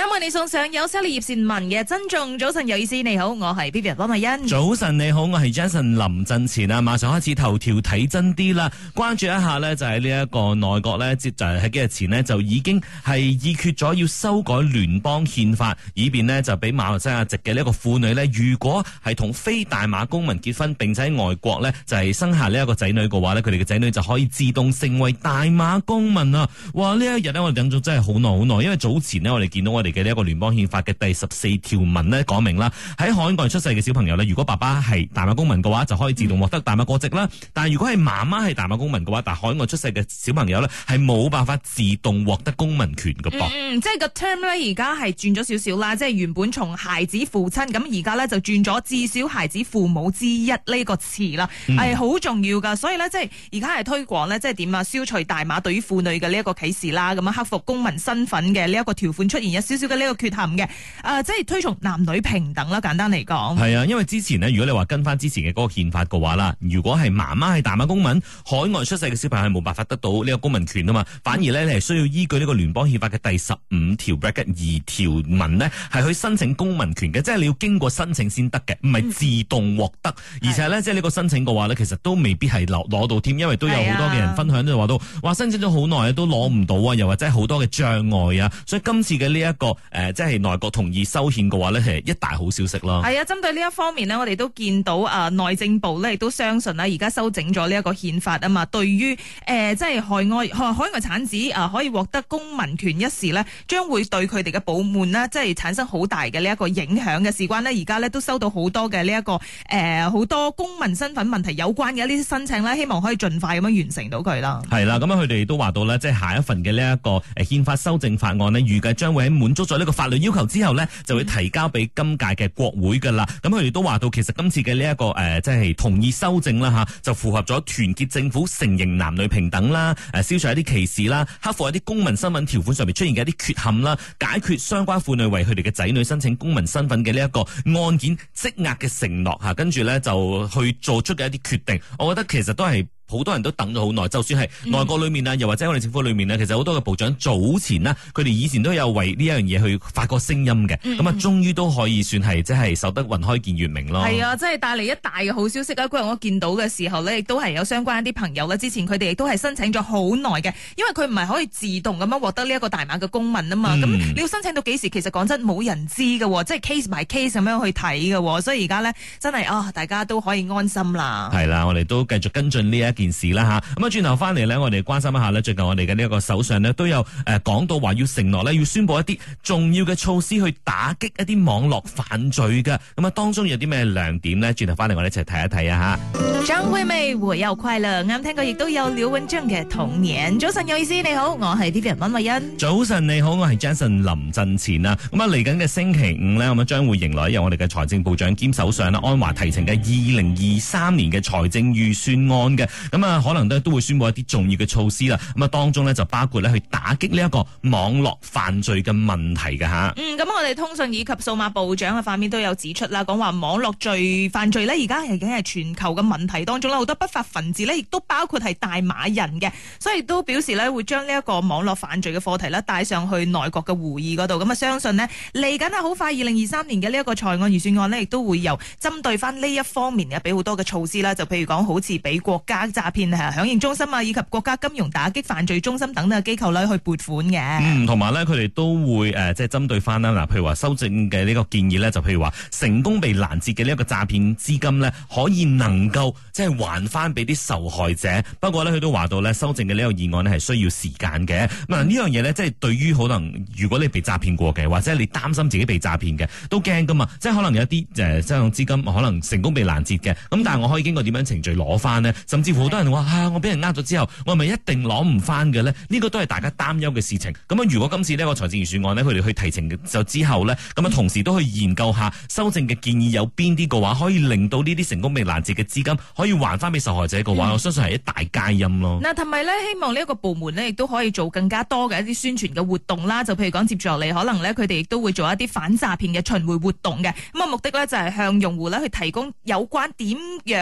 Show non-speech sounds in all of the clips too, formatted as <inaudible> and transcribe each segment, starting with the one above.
因為你送上有實利葉善文嘅珍重早晨有意思。你好，我係 B B 阿羅美欣。早晨你好，我係 Jason 林振前啊！馬上開始頭條睇真啲啦，關注一下呢，就係呢一個內閣呢，接就喺係幾日前呢，就已經係議決咗要修改聯邦憲法，以便呢，就俾馬來西亞籍嘅呢個婦女呢，如果係同非大馬公民結婚，並且喺外國呢，就係生下呢一個仔女嘅話呢，佢哋嘅仔女就可以自動成為大馬公民啊！哇！呢一日呢，我哋等咗真係好耐好耐，因為早前呢，我哋見到我哋。嘅呢一個聯邦憲法嘅第十四條文呢，講明啦，喺海外出世嘅小朋友呢，如果爸爸係大馬公民嘅話，就可以自動獲得大馬國籍啦、嗯。但係如果係媽媽係大馬公民嘅話，但海外出世嘅小朋友呢，係冇辦法自動獲得公民權㗎噃。嗯，即係個 term 呢，而家係轉咗少少啦，即係原本從孩子父親咁，而家呢就轉咗至少孩子父母之一呢個詞啦，係、嗯、好重要噶。所以呢，即係而家係推廣呢，即係點啊，消除大馬對於婦女嘅呢一個歧視啦，咁啊，克服公民身份嘅呢一個條款出現一少嘅呢個缺陷嘅、呃，即係推崇男女平等啦。簡單嚟講，係啊，因為之前呢，如果你話跟翻之前嘅嗰個憲法嘅話啦，如果係媽媽係大馬公民，海外出世嘅小朋友係冇辦法得到呢個公民權啊嘛。反而呢，你係需要依據呢個聯邦憲法嘅第十五條 bracket 二條文呢，係去申請公民權嘅，即係你要經過申請先得嘅，唔係自動獲得、嗯。而且呢，即係呢個申請嘅話呢，其實都未必係攞攞到添，因為都有好多嘅人分享都話都話申請咗好耐都攞唔到啊，又或者好多嘅障礙啊。所以今次嘅呢一個誒，即係內閣同意修憲嘅話呢，係一大好消息咯。係啊，針對呢一方面呢，我哋都見到啊，內政部呢亦都相信啦，而家修整咗呢一個憲法啊嘛，對於誒、呃，即係海外海外產子啊，可以獲得公民權一事呢將會對佢哋嘅部門呢即係產生好大嘅呢一個影響嘅。事關呢而家呢都收到好多嘅呢一個誒，好、呃、多公民身份問題有關嘅一啲申請呢，希望可以盡快咁樣完成到佢啦。係啦，咁樣佢哋亦都話到呢，即係下一份嘅呢一個誒憲法修正法案呢預計將會喺滿足咗呢個法律要求之後呢，就會提交俾今屆嘅國會噶啦。咁佢哋都話到，其實今次嘅呢一個誒，即、呃、係、就是、同意修正啦吓、啊，就符合咗團結政府承認男女平等啦，誒、啊，消除一啲歧視啦，克服一啲公民身份條款上面出現嘅一啲缺陷啦、啊，解決相關婦女為佢哋嘅仔女申請公民身份嘅呢一個案件積壓嘅承諾吓、啊，跟住呢，就去做出嘅一啲決定。我覺得其實都係。好多人都等咗好耐，就算係內閣裏面啊、嗯，又或者我哋政府裏面啊，其實好多嘅部長早前啊，佢哋以前都有為呢一樣嘢去發過聲音嘅，咁、嗯、啊、嗯，終於都可以算係即係守得雲開見月明咯。係啊，即係帶嚟一大嘅好消息啊！今日我見到嘅時候咧，亦都係有相關一啲朋友啦，之前佢哋亦都係申請咗好耐嘅，因為佢唔係可以自動咁樣獲得呢一個大馬嘅公民啊嘛，咁、嗯、你要申請到幾時？其實講真冇人知嘅，即係 case 埋 case 咁樣去睇嘅，所以而家咧真係啊，大家都可以安心啦。係啦、啊，我哋都繼續跟進呢一。件事啦吓，咁啊轉頭翻嚟咧，我哋關心一下咧，最近我哋嘅呢一個首相咧都有誒講到話要承諾咧，要宣佈一啲重要嘅措施去打擊一啲網絡犯罪噶。咁啊，當中有啲咩亮點呢？轉頭翻嚟我哋一齊睇一睇啊吓。張惠妹回又快樂，啱聽過亦都有廖永章嘅童年。早晨有意思，你好，我係 TVB 溫慧欣。早晨你好，我係 Jason 林振前啊。咁啊嚟緊嘅星期五呢，我哋將會迎來由我哋嘅財政部長兼首相安華提呈嘅二零二三年嘅財政預算案嘅。咁啊，可能咧都會宣布一啲重要嘅措施啦。咁啊，當中呢，就包括呢去打擊呢一個網絡犯罪嘅問題㗎。吓。嗯，咁我哋通訊以及數碼部長嘅方面都有指出啦，講話網絡罪犯罪呢，而家係已經係全球嘅問題當中啦，好多不法分子呢，亦都包括係大馬人嘅，所以都表示呢，會將呢一個網絡犯罪嘅課題呢，帶上去內閣嘅會議嗰度。咁啊，相信呢，嚟緊啊好快二零二三年嘅呢一個財政預算案呢，亦都會由針對翻呢一方面嘅俾好多嘅措施啦，就譬如講好似俾國家。詐騙啊，響應中心啊，以及國家金融打擊犯罪中心等嘅機構咧，去撥款嘅。嗯，同埋咧，佢哋都會誒、呃，即係針對翻啦。嗱，譬如話修正嘅呢個建議咧，就譬如話成功被攔截嘅呢一個詐騙資金咧，可以能夠即係還翻俾啲受害者。不過咧，佢都話到咧，修正嘅呢個議案咧係需要時間嘅。嗱，呃，呢樣嘢咧，即係對於可能如果你被詐騙過嘅，或者你擔心自己被詐騙嘅，都驚噶嘛。即係可能有一啲誒，相、呃、關資金可能成功被攔截嘅，咁但係我可以經過點樣程序攞翻呢？甚至乎。多人話、啊、我俾人呃咗之後，我咪一定攞唔翻嘅呢？呢個都係大家擔憂嘅事情。咁啊，如果今次呢個財政預算案呢，佢哋去提嘅就之後呢，咁啊同時都去研究下修正嘅建議有邊啲嘅話，可以令到呢啲成功未攔截嘅資金可以還翻俾受害者嘅話、嗯，我相信係一大戒音咯。嗱，同埋呢，希望呢一個部門呢亦都可以做更加多嘅一啲宣傳嘅活動啦。就譬如講接住嚟，可能呢，佢哋亦都會做一啲反詐騙嘅巡迴活動嘅。咁啊，目的呢，就係向用戶呢去提供有關點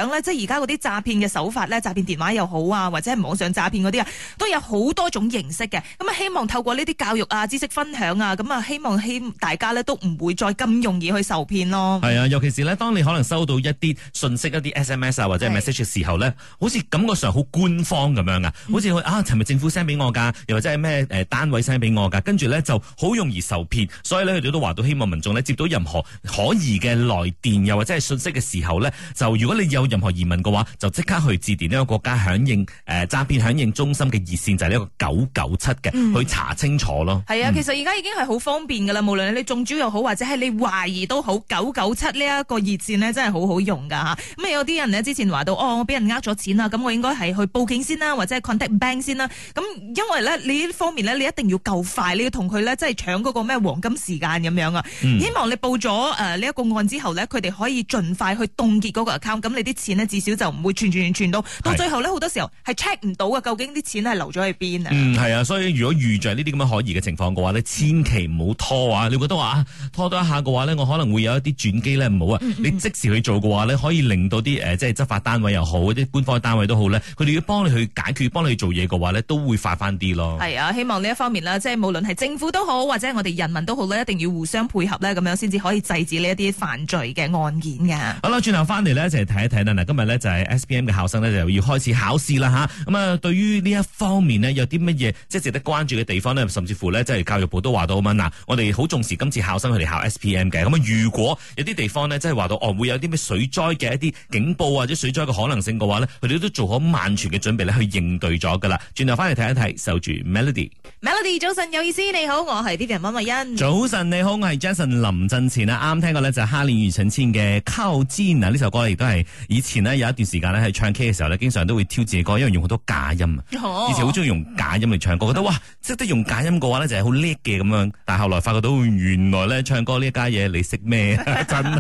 樣呢，即係而家嗰啲詐騙嘅手法呢。電話又好啊，或者係網上詐騙嗰啲啊，都有好多種形式嘅。咁啊，希望透過呢啲教育啊、知識分享啊，咁啊，希望希大家咧都唔會再咁容易去受騙咯。係啊，尤其是咧，當你可能收到一啲信息，一啲 SMS 啊或者 message 嘅時候咧，好似感覺上好官方咁樣，嗯、啊，好似佢啊，尋日政府 send 俾我噶？又或者係咩誒單位 send 俾我噶？跟住咧就好容易受騙，所以咧佢哋都話到希望民眾咧接到任何可疑嘅來電又或者係信息嘅時候咧，就如果你有任何疑問嘅話，就即刻去致電有國家響應誒詐騙響應中心嘅熱線就係呢一個九九七嘅，去查清楚咯。係啊，其實而家已經係好方便噶啦、嗯，無論你中招又好，或者係你懷疑都好，九九七呢一個熱線呢，真係好好用噶嚇。咁、嗯、有啲人呢，之前話到哦，我俾人呃咗錢啦，咁我應該係去報警先啦，或者係 contact bank 先啦。咁因為咧你呢方面呢，你一定要夠快，你要同佢咧即係搶嗰個咩黃金時間咁樣啊、嗯。希望你報咗誒呢一個案之後呢，佢哋可以盡快去凍結嗰個 account，咁你啲錢呢，至少就唔會傳傳傳傳到。到最後咧，好多時候係 check 唔到嘅，究竟啲錢係流咗去邊啊？嗯，係啊，所以如果遇着呢啲咁嘅可疑嘅情況嘅話咧，千祈唔好拖啊！你覺得話拖多一下嘅話呢，我可能會有一啲轉機，唔好啊、嗯嗯！你即時去做嘅話咧，可以令到啲、呃、即係執法單位又好，啲官方單位都好咧，佢哋要幫你去解決、幫你去做嘢嘅話呢都會快翻啲咯。係啊，希望呢一方面啦，即係無論係政府都好，或者我哋人民都好咧，一定要互相配合呢。咁樣先至可以制止呢一啲犯罪嘅案件㗎。好啦，轉頭翻嚟咧，一齊睇一睇嗱，今日咧就係 SPM 嘅考生咧就。要開始考試啦嚇，咁啊對於呢一方面咧，有啲乜嘢即係值得關注嘅地方咧，甚至乎咧即係教育部都話到咁啊。嗱，我哋好重視今次考生佢哋考 S P M 嘅。咁啊，如果有啲地方咧，即係話到哦，會有啲咩水災嘅一啲警報或者水災嘅可能性嘅話呢，佢哋都做好萬全嘅準備去應對咗噶啦。轉頭翻嚟睇一睇，守住 Melody。Melody，早晨有意思，你好，我係 Dicky 溫慧欣。早晨你好，我係 Jason 林振前啊。啱聽過呢就哈林與陳千嘅《靠肩》啊，呢首歌亦都係以前呢，有一段時間咧喺唱 K 嘅時候咧。經常都會挑戰自己歌，因為用好多假音啊，oh. 以前好中意用假音嚟唱歌，覺得哇，識得用假音嘅話咧，就係好叻嘅咁樣。但係後來發覺到原來咧，唱歌呢家嘢你識咩？真係。誒、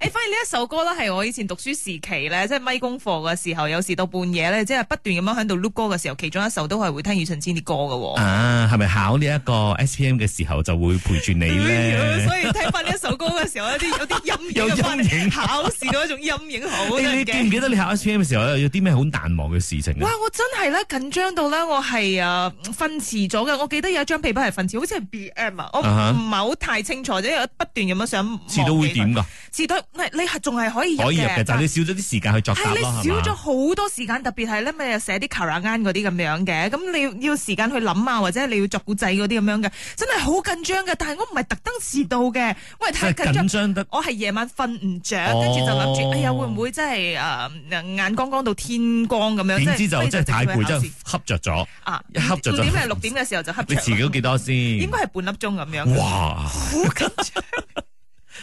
<laughs> 哎，反而呢一首歌咧，係我以前讀書時期咧，即係咪功課嘅時候，有時到半夜咧，即、就、係、是、不斷咁樣喺度碌歌嘅時候，其中一首都係會聽庾澄慶啲歌嘅。啊，係咪考呢一個 S P M 嘅時候就會陪住你咧、 <laughs> 啊？所以聽翻呢一首歌嘅時候，有啲有啲音、啊，陰影，考試嗰種陰影好。你記唔記得你考 S P M 嘅時候有啲咩好？難忘嘅事情哇，我真係咧，緊張到咧，我係啊瞓遲咗嘅。我記得有一張被鋪係瞓遲，好似係 B M 啊。我唔係好太清楚，即係不斷咁樣想。遲到會點噶？遲到你係仲係可以入可以入嘅，就係、是，你少咗啲時間去作答咯。係少咗好多時間，特別係咧咪寫啲卡拉安嗰啲咁樣嘅，咁你，你要時間去諗啊，或者你要作古仔嗰啲咁樣嘅，真係好緊張嘅。但係我唔係特登遲到嘅，我喂太緊張，我係夜晚瞓唔着，跟住就諗住，oh. 哎呀會唔會真係啊、呃、眼光光到天？光咁樣，點知就真係太攰，真係瞌着咗。啊，一瞌着。五點係六點嘅時候就瞌着。你遲咗幾多先？應該係半粒鐘咁樣。哇，好緊張。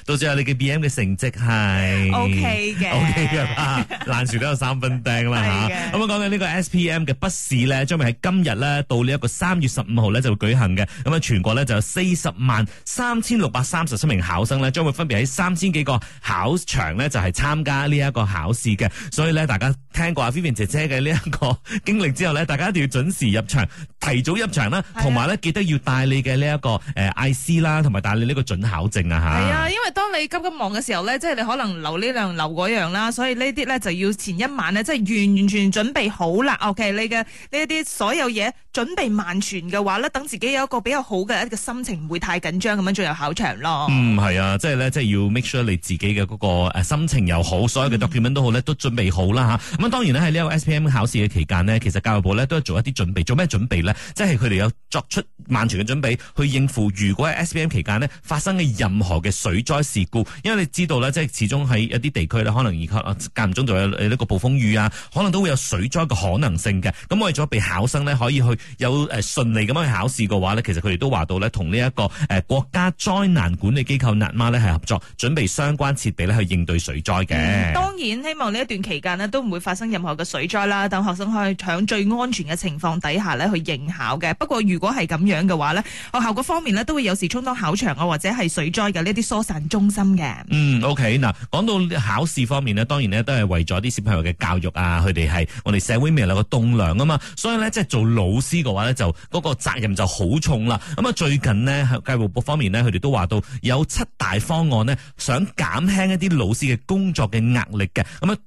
到時啊，你嘅 B M 嘅成績係 O K 嘅，O K 嘅，爛船都有三分釘啦吓。咁啊，講緊呢個 S P M 嘅筆試咧，將會喺今日咧到呢一個三月十五號咧就會舉行嘅。咁啊，全國咧就有四十萬三千六百三十七名考生咧，將會分別喺三千幾個考場咧就係參加呢一個考試嘅。所以咧，大家。聽過阿 Vivian 姐姐嘅呢一個經歷之後咧，大家一定要準時入場，提早入場啦，同埋咧記得要帶你嘅呢一個誒 IC 啦，同埋帶你呢個准考證啊吓。係啊，因為當你急急忙嘅時候咧，即係你可能留呢樣留嗰樣啦，所以呢啲咧就要前一晚咧，即係完完全準備好啦。OK，你嘅呢一啲所有嘢準備萬全嘅話咧，等自己有一個比較好嘅一個心情，唔會太緊張咁樣進入考場咯。嗯，係啊，即係咧，即係要 make sure 你自己嘅嗰個誒心情又好，所有嘅 document 都好咧，都準備好啦吓。嗯當然呢，喺呢個 SPM 考試嘅期間呢，其實教育部呢都係做一啲準備，做咩準備呢？即係佢哋有作出萬全嘅準備，去應付如果喺 SPM 期間呢，發生嘅任何嘅水災事故。因為你知道呢，即係始終喺一啲地區呢，可能而家啊間唔中就有呢個暴風雨啊，可能都會有水災嘅可能性嘅。咁為咗俾考生呢，可以去有誒順利咁樣去考試嘅話呢，其實佢哋都話到呢，同呢一個誒國家災難管理機構納媽呢係合作，準備相關設備呢，去應對水災嘅。嗯。當然，希望呢一段期間呢，都唔會發生任何嘅水災啦，等學生去搶最安全嘅情況底下咧去應考嘅。不過如果係咁樣嘅話咧，學校嗰方面呢都會有時充當考場啊，或者係水災嘅呢啲疏散中心嘅。嗯，OK，嗱，講到考試方面呢，當然呢都係為咗啲小朋友嘅教育啊，佢哋係我哋社會未來嘅棟樑啊嘛，所以呢，即係做老師嘅話呢，就嗰個責任就好重啦。咁啊，最近咧，教育局方面呢，佢哋都話到有七大方案呢，想減輕一啲老師嘅工作嘅壓力嘅。咁啊。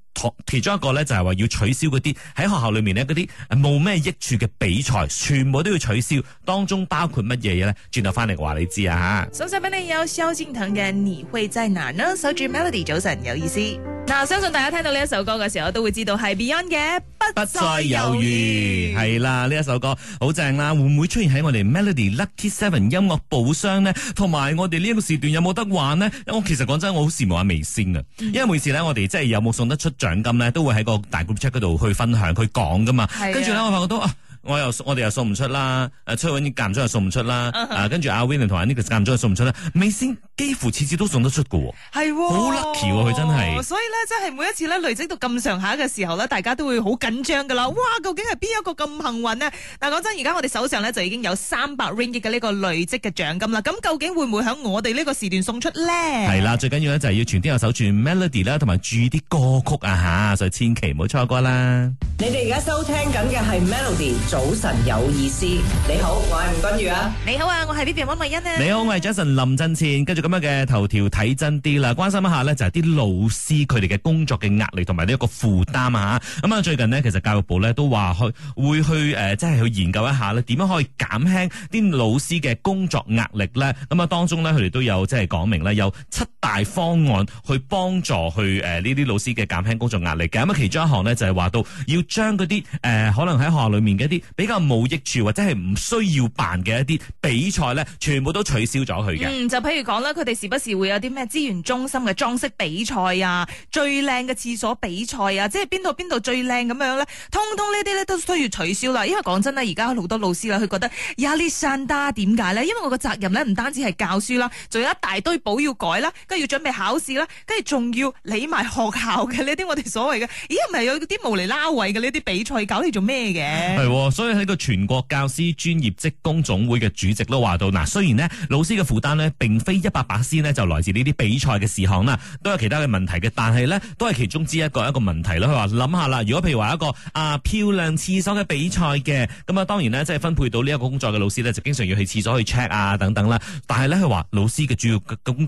其中一個咧就係話要取消嗰啲喺學校裏面咧嗰啲冇咩益處嘅比賽，全部都要取消。當中包括乜嘢嘢咧？轉頭翻嚟話你知啊吓。首先俾你有蕭敬騰嘅你會在哪呢？守住 Melody 早晨有意思。嗱，相信大家聽到呢一首歌嘅時候，我都會知道係 Beyond 嘅，不再猶豫，係啦，呢一首歌好正啦，會唔會出現喺我哋 Melody Lucky Seven 音樂寶箱呢？同埋我哋呢一個時段有冇得玩呢？我其實講真，我好羨慕阿美仙啊，因為每次咧我哋即係有冇送得出獎金咧，都會喺個大 group chat 嗰度去分享去講噶嘛。跟住咧，我發覺到啊，我又我哋又送唔出啦，誒、啊、崔允間唔中又送唔出啦，跟、uh、住 -huh. 啊、阿 William 同埋 Nicholas 間唔中又送唔出啦，美仙。幾乎次次都送得出嘅喎。係好 lucky，佢真係，所以咧真係每一次咧累積到咁上下嘅時候咧，大家都會好緊張噶啦。哇，究竟係邊一個咁幸運呢？但講真，而家我哋手上咧就已經有三百 ringgit 嘅呢個累積嘅獎金啦。咁究竟會唔會響我哋呢個時段送出咧？係啦，最緊要咧就係要全天候守住 Melody 啦，同埋注意啲歌曲啊吓，所以千祈唔好錯過啦。你哋而家收聽緊嘅係 Melody 早晨有意思。你好，我係吳君如啊。你好啊，我係 Vivian 溫慧欣啊。你好，我係 Jason 林振倩，跟住。今日嘅頭條睇真啲啦，關心一下呢，就係啲老師佢哋嘅工作嘅壓力同埋呢一個負擔啊。咁啊最近呢，其實教育部呢都話去會去誒即係去研究一下呢點樣可以減輕啲老師嘅工作壓力呢。咁啊當中呢，佢哋都有即係講明呢有七大方案去幫助去誒呢啲老師嘅減輕工作壓力嘅。咁啊其中一項呢，就係話到要將嗰啲誒可能喺學校裏面嘅一啲比較冇益處或者係唔需要辦嘅一啲比賽呢，全部都取消咗佢嘅。嗯，就譬如講啦。佢哋時不時會有啲咩資源中心嘅裝飾比賽啊，最靚嘅廁所比賽啊，即係邊度邊度最靚咁樣咧？通通呢啲咧都需要取消啦。因為講真咧，而家好多老師啦，佢覺得啊，壓力山大點解咧？因為我個責任咧唔單止係教書啦，仲有一大堆簿要改啦，跟住要準備考試啦，跟住仲要理埋學校嘅呢啲我哋所謂嘅，咦唔係有啲無厘拉位嘅呢啲比賽搞嚟做咩嘅？係、哦，所以喺個全國教師專業職工總會嘅主席都話到，嗱雖然呢老師嘅負擔咧並非一百。老師咧就來自呢啲比賽嘅事項啦，都有其他嘅問題嘅，但係呢，都係其中之一一個一個問題咯。佢話諗下啦，如果譬如話一個啊漂亮廁所嘅比賽嘅，咁啊當然呢，即係分配到呢一個工作嘅老師呢，就經常要去廁所去 check 啊等等啦。但係呢，佢話老師嘅主要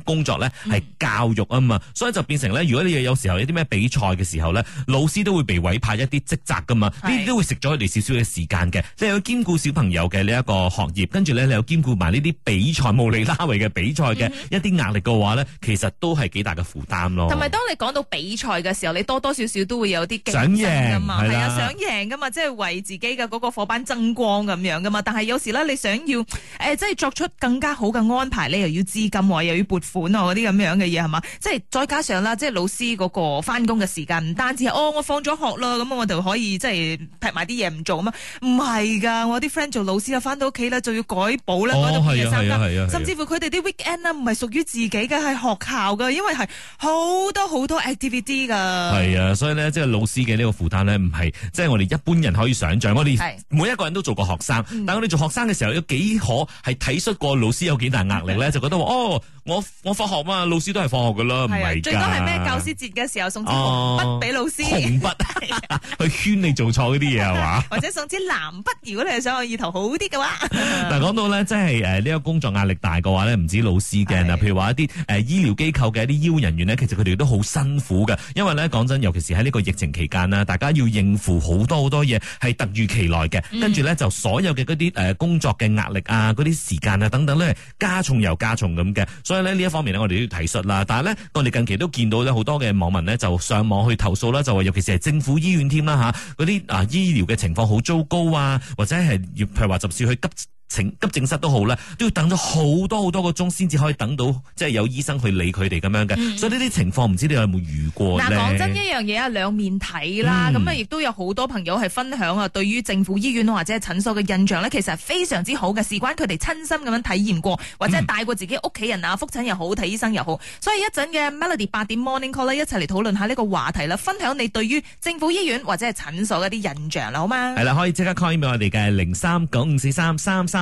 工作呢係教育啊嘛，嗯，所以就變成呢：如果你有有時候有啲咩比賽嘅時候呢，老師都會被委派一啲職責噶嘛，呢啲都會食咗佢哋少少嘅時間嘅，即係要兼顧小朋友嘅呢一個學業，跟住呢，你又兼顧埋呢啲比賽無厘拉圍嘅比賽嘅。嗯一啲壓力嘅話咧，其實都係幾大嘅負擔咯。同埋，當你講到比賽嘅時候，你多多少少都會有啲競爭㗎嘛，係啊，想贏㗎嘛，即、就、係、是、為自己嘅嗰個夥伴爭光咁樣㗎嘛。但係有時咧，你想要、欸、即係作出更加好嘅安排，你又要資金，又要撥款啊，嗰啲咁樣嘅嘢係嘛？即係再加上啦，即係老師嗰個翻工嘅時間，唔單止係哦，我放咗學啦，咁我就可以即係劈埋啲嘢唔做啊嘛。唔係㗎，我啲 friend 做老師啊，翻到屋企啦，就要改補啦、哦，改到甚至乎佢哋啲 weekend 唔、啊、係。係屬於自己嘅，係學校嘅，因為係好多好多 activity 噶。係啊，所以咧，即係老師嘅呢個負擔咧，唔係即係我哋一般人可以想象。我哋每一個人都做過學生，是但係我哋做學生嘅時候，有幾可係體恤過老師有幾大壓力咧，就覺得話哦。我我放學嘛，老師都係放學噶啦。唔係。最多係咩教師節嘅時候送支紅筆俾老師，哦、紅筆 <laughs> <laughs> 去圈你做錯呢啲嘢係嘛？或者送支藍筆， <laughs> 如果你係想我意頭好啲嘅話。嗱，講到咧，即係誒呢個工作壓力大嘅話咧，唔止老師嘅嗱，譬如話一啲誒、呃、醫療機構嘅一啲醫護人員咧，其實佢哋都好辛苦嘅，因為咧講真，尤其是喺呢個疫情期間啦，大家要應付好多好多嘢係突如其來嘅，跟住咧就所有嘅嗰啲誒工作嘅壓力啊，嗰啲時間啊等等咧加重又加重咁嘅。所以呢一方面呢我哋都要提述啦。但係咧，我哋近期都見到咧好多嘅網民呢就上網去投訴啦，就話尤其是係政府醫院添啦吓，嗰啲啊醫療嘅情況好糟糕啊，或者係要譬如話，甚至去急。急症室都好啦，都要等咗好多好多個鐘，先至可以等到即係有醫生去理佢哋咁樣嘅。所以呢啲情況唔知你有冇遇過。嗱，講真呢樣嘢啊，兩面睇啦。咁啊，亦都有好多朋友係分享啊，對於政府醫院或者係診所嘅印象咧，其實係非常之好嘅，事關佢哋親身咁樣體驗過，或者帶過自己屋企人啊覆診又好睇醫生又好。所以一陣嘅 Melody 八點 Morning Call 咧，一齊嚟討論下呢個話題啦，分享你對於政府醫院或者係診所嗰啲印象啦，好嗎？係啦，可以即刻 call 俾我哋嘅零三九五四三三三。